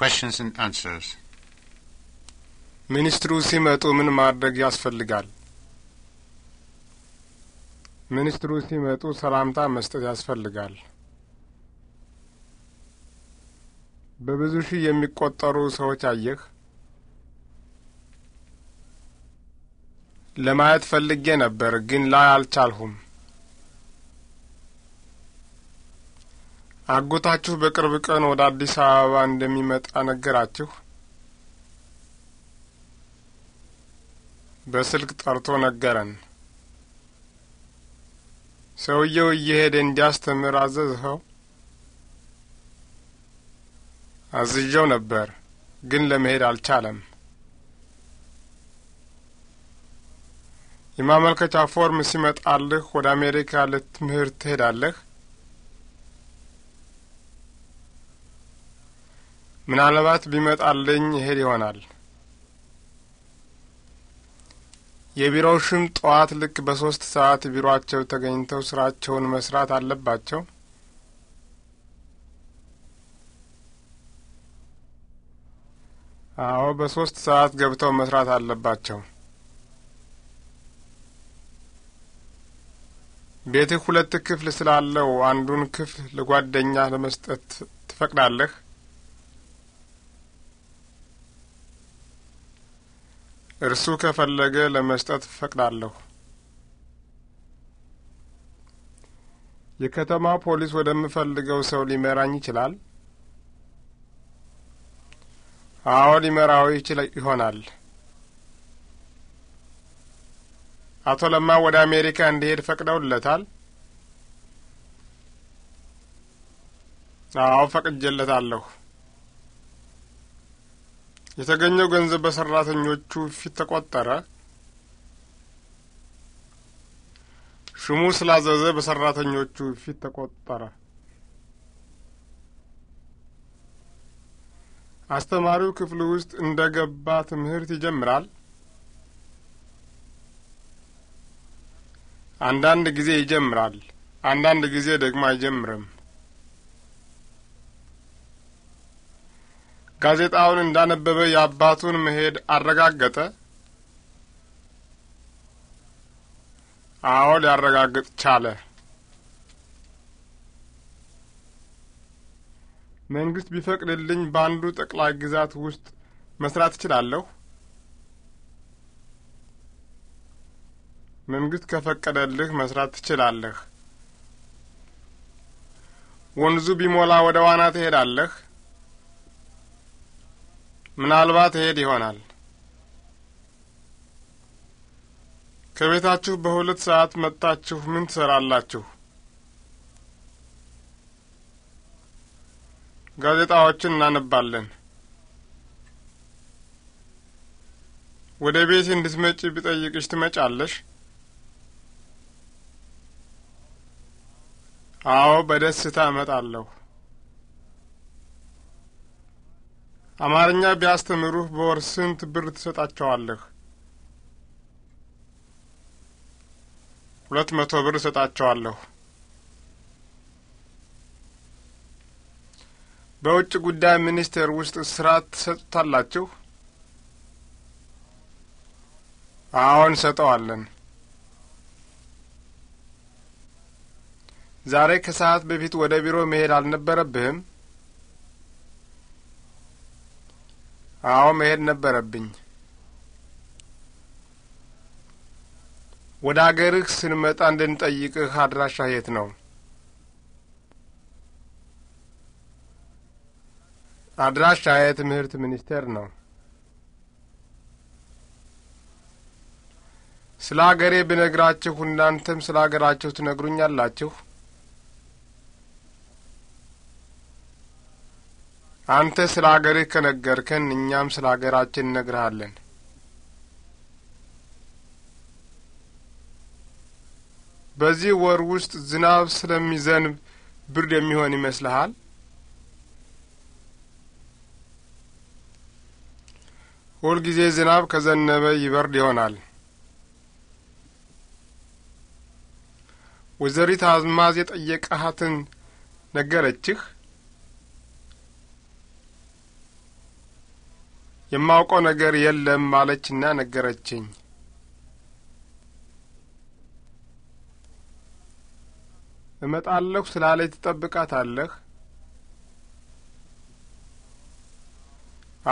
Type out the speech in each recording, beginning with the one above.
questions and answers. ሚኒስትሩ ሲመጡ ምን ማድረግ ያስፈልጋል? ሚኒስትሩ ሲመጡ ሰላምታ መስጠት ያስፈልጋል። በብዙ ሺህ የሚቆጠሩ ሰዎች አየህ? ለማየት ፈልጌ ነበር ግን ላይ አልቻልሁም። አጎታችሁ በቅርብ ቀን ወደ አዲስ አበባ እንደሚመጣ ነገራችሁ? በስልክ ጠርቶ ነገረን። ሰውየው እየሄደ እንዲያስተምር አዘዝኸው? አዝዤው ነበር፣ ግን ለመሄድ አልቻለም። የማመልከቻ ፎርም ሲመጣልህ ወደ አሜሪካ ልትምህር ትሄዳለህ? ምናልባት ቢመጣልኝ ይሄድ ይሆናል። የቢሮው ሹም ጠዋት ልክ በሶስት ሰዓት ቢሮአቸው ተገኝተው ስራቸውን መስራት አለባቸው? አዎ፣ በሶስት ሰዓት ገብተው መስራት አለባቸው። ቤትህ ሁለት ክፍል ስላለው አንዱን ክፍል ለጓደኛ ለመስጠት ትፈቅዳለህ? እርሱ ከፈለገ ለመስጠት ፈቅዳለሁ። የከተማ ፖሊስ ወደምፈልገው ሰው ሊመራኝ ይችላል? አዎ፣ ሊመራው ይችል ይሆናል። አቶ ለማ ወደ አሜሪካ እንዲሄድ ፈቅደውለታል? አዎ፣ ፈቅጄለታለሁ። የተገኘው ገንዘብ በሰራተኞቹ ፊት ተቆጠረ። ሽሙ ስላዘዘ በሰራተኞቹ ፊት ተቆጠረ። አስተማሪው ክፍል ውስጥ እንደ ገባ ትምህርት ይጀምራል። አንዳንድ ጊዜ ይጀምራል፣ አንዳንድ ጊዜ ደግሞ አይጀምርም። ጋዜጣውን እንዳነበበ የአባቱን መሄድ አረጋገጠ? አዎ፣ ሊያረጋግጥ ቻለ። መንግስት ቢፈቅድልኝ በአንዱ ጠቅላይ ግዛት ውስጥ መስራት እችላለሁ? መንግስት ከፈቀደልህ መስራት ትችላለህ። ወንዙ ቢሞላ ወደ ዋና ትሄዳለህ? ምናልባት እሄድ ይሆናል። ከቤታችሁ በሁለት ሰዓት መጥታችሁ ምን ትሰራላችሁ? ጋዜጣዎችን እናነባለን። ወደ ቤት እንድትመጪ ቢጠይቅሽ ትመጫለሽ? አዎ፣ በደስታ እመጣለሁ። አማርኛ ቢያስተምሩህ በወር ስንት ብር ትሰጣቸዋለህ? ሁለት መቶ ብር እሰጣቸዋለሁ። በውጭ ጉዳይ ሚኒስቴር ውስጥ ስራ ትሰጡታላችሁ? አሁን እንሰጠዋለን። ዛሬ ከሰዓት በፊት ወደ ቢሮ መሄድ አልነበረብህም? አዎ መሄድ ነበረብኝ። ወደ አገርህ ስንመጣ እንድንጠይቅህ አድራሻ የት ነው? አድራሻ የትምህርት ሚኒስቴር ነው። ስለ አገሬ ብነግራችሁ እናንተም ስለ አገራችሁ ትነግሩኛላችሁ? አንተ ስለ አገርህ ከነገርከን እኛም ስለ አገራችን እነግርሃለን። በዚህ ወር ውስጥ ዝናብ ስለሚዘንብ ብርድ የሚሆን ይመስልሃል? ሁልጊዜ ዝናብ ከዘነበ ይበርድ ይሆናል። ወይዘሪት አዝማዝ የጠየቀሃትን ነገረችህ? የማውቀው ነገር የለም አለችና ነገረችኝ። እመጣለሁ ስላለች ትጠብቃታለህ?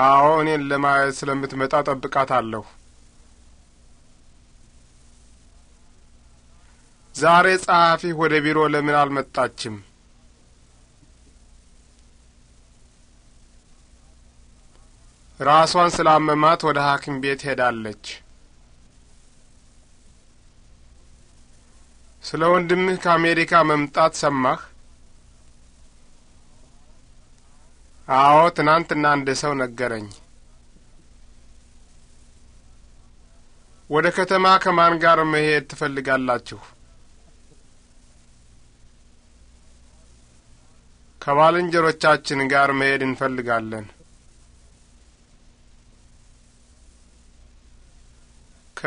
አዎ፣ እኔን ለማየት ስለምትመጣ ጠብቃታለሁ። ዛሬ ጸሐፊህ ወደ ቢሮ ለምን አልመጣችም? ራሷን ስላመማት ወደ ሐኪም ቤት ሄዳለች። ስለ ወንድምህ ከአሜሪካ መምጣት ሰማህ? አዎ፣ ትናንትና አንድ ሰው ነገረኝ። ወደ ከተማ ከማን ጋር መሄድ ትፈልጋላችሁ? ከባልንጀሮቻችን ጋር መሄድ እንፈልጋለን።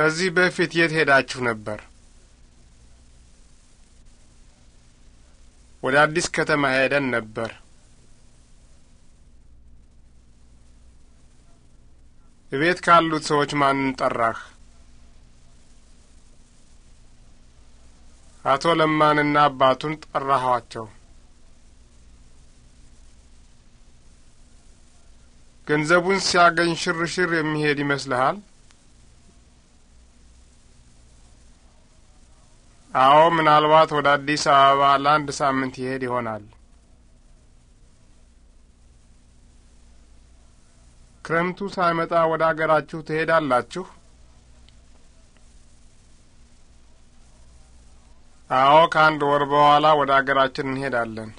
ከዚህ በፊት የት ሄዳችሁ ነበር? ወደ አዲስ ከተማ ሄደን ነበር። እቤት ካሉት ሰዎች ማንን ጠራህ? አቶ ለማንና አባቱን ጠራኋቸው። ገንዘቡን ሲያገኝ ሽርሽር የሚሄድ ይመስልሃል? አዎ፣ ምናልባት ወደ አዲስ አበባ ለአንድ ሳምንት ይሄድ ይሆናል። ክረምቱ ሳይመጣ ወደ አገራችሁ ትሄዳላችሁ? አዎ፣ ከአንድ ወር በኋላ ወደ አገራችን እንሄዳለን።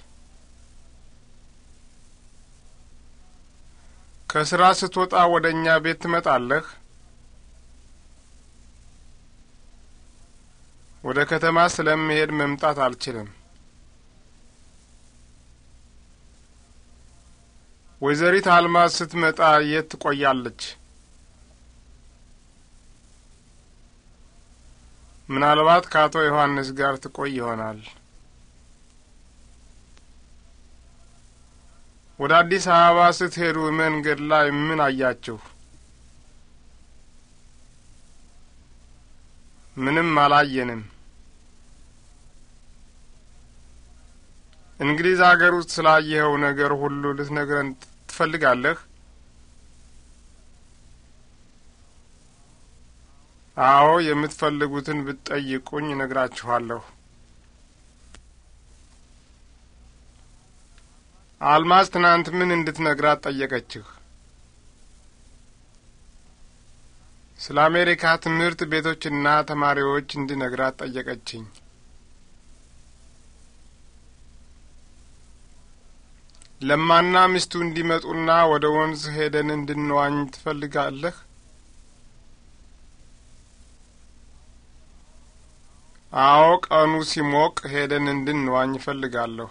ከስራ ስትወጣ ወደ እኛ ቤት ትመጣለህ? ወደ ከተማ ስለምሄድ መምጣት አልችልም። ወይዘሪት አልማዝ ስትመጣ የት ትቆያለች? ምናልባት ከአቶ ዮሐንስ ጋር ትቆይ ይሆናል። ወደ አዲስ አበባ ስትሄዱ መንገድ ላይ ምን አያችሁ? ምንም አላየንም። እንግሊዝ አገር ውስጥ ስላየኸው ነገር ሁሉ ልትነግረን ትፈልጋለህ? አዎ፣ የምትፈልጉትን ብትጠይቁኝ እነግራችኋለሁ። አልማዝ ትናንት ምን እንድትነግራት ጠየቀችህ? ስለ አሜሪካ ትምህርት ቤቶችና ተማሪዎች እንድነግራት ጠየቀችኝ። ለማና ሚስቱ እንዲመጡና ወደ ወንዝ ሄደን እንድንዋኝ ትፈልጋለህ? አዎ፣ ቀኑ ሲሞቅ ሄደን እንድንዋኝ እፈልጋለሁ።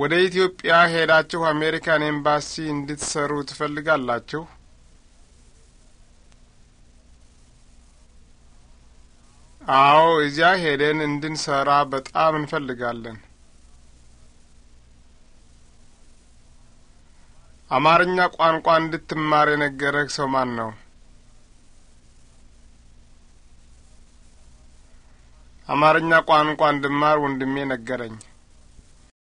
ወደ ኢትዮጵያ ሄዳችሁ አሜሪካን ኤምባሲ እንድትሰሩ ትፈልጋላችሁ? አዎ፣ እዚያ ሄደን እንድንሰራ በጣም እንፈልጋለን። አማርኛ ቋንቋ እንድትማር የነገረህ ሰው ማን ነው? አማርኛ ቋንቋ እንድማር ወንድሜ ነገረኝ።